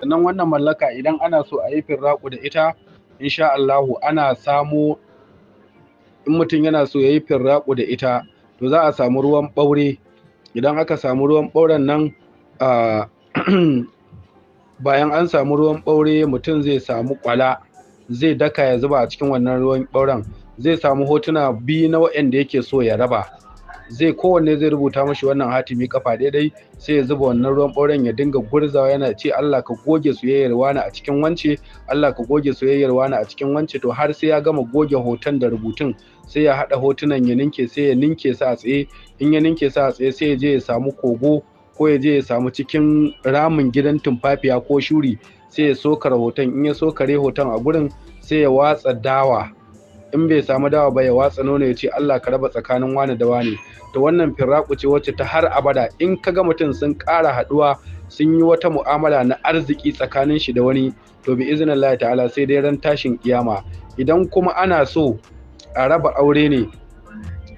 sannan wannan mallaka idan ana so a yi firraku da ita insha Allahu ana samo in mutum yana so ya yi firraku da ita to za a samu ruwan ɓaure idan aka samu ruwan ɓauren nan bayan an samu ruwan ɓaure mutum zai samu ƙwala, zai daka ya zuba a cikin wannan ruwan ɓauren zai samu hotuna biyu na waɗanda yake so ya raba zai kowanne zai rubuta mashi wannan hatimi kafa daidai sai ya zuba wannan ruwan ɓauren ya dinga gurzawa yana ce Allah ka goge soyayyar wani a cikin wance Allah ka goge soyayyar wani a cikin wance to har sai ya gama goge hoton da rubutun sai ya haɗa hotunan ya ninke sai ya ninke sa a tsaye in ya ninke sa a tsaye sai ya je ya samu kogo ko ya je ya samu cikin ramin gidan tumfafiya ko shuri sai ya sokara hoton in ya sokare hoton a gurin sai ya watsa dawa in bai samu dawa ba ya watsa nono ya ce Allah ka raba tsakanin wani da wani to wannan firaku ce wacce ta har abada in ka ga mutum sun ƙara haɗuwa sun yi wata mu'amala na arziki tsakanin shi da wani to bi izinin ta'ala sai dai ran tashin kiyama idan kuma ana so a raba aure ne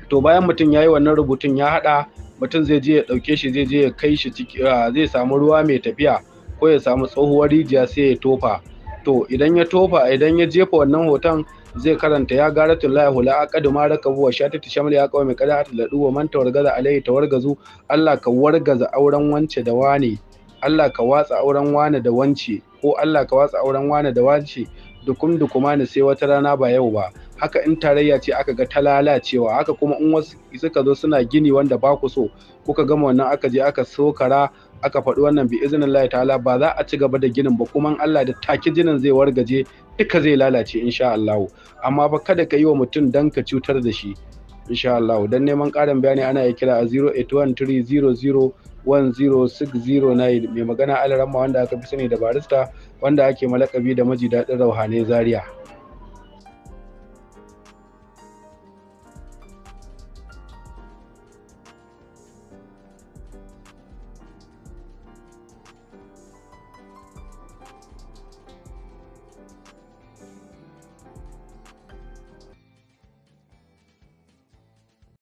to bayan mutum ya yi wannan rubutun ya haɗa mutum zai je ya ɗauke shi zai je ya kai shi ah, zai samu ruwa mai tafiya ko ya samu tsohuwar rijiya sai ya tofa to idan ya tofa idan ya jefa wannan hoton zai karanta ya gara tullahi hula aqadu ma rakabu wa shatati shamli ya qawmi qada atladu wa man tawargaza alaihi tawargazu Allah ka wargaza auren wance da wane Allah ka watsa auren wane da wance ko Allah ka watsa auren wane da wance dukum dukuma ne sai wata rana ba yau ba haka in tarayya ce aka ga ta lalacewa haka kuma in wasu suka zo suna gini wanda ba ku so kuka gama wannan aka je aka sokara aka faɗi wannan bi izinin Allah ta'ala ba za a ci gaba da ginin ba kuma Allah da take jinin zai wargaje duka zai lalace insha Allah amma ba kada ka yi wa mutum dan ka cutar da shi insha Allah dan neman ƙarin bayani ana iya kira a 08130010609 mai magana Alaramma wanda aka fi sani da barista wanda ake malakabi da maji daɗin rauhane zaria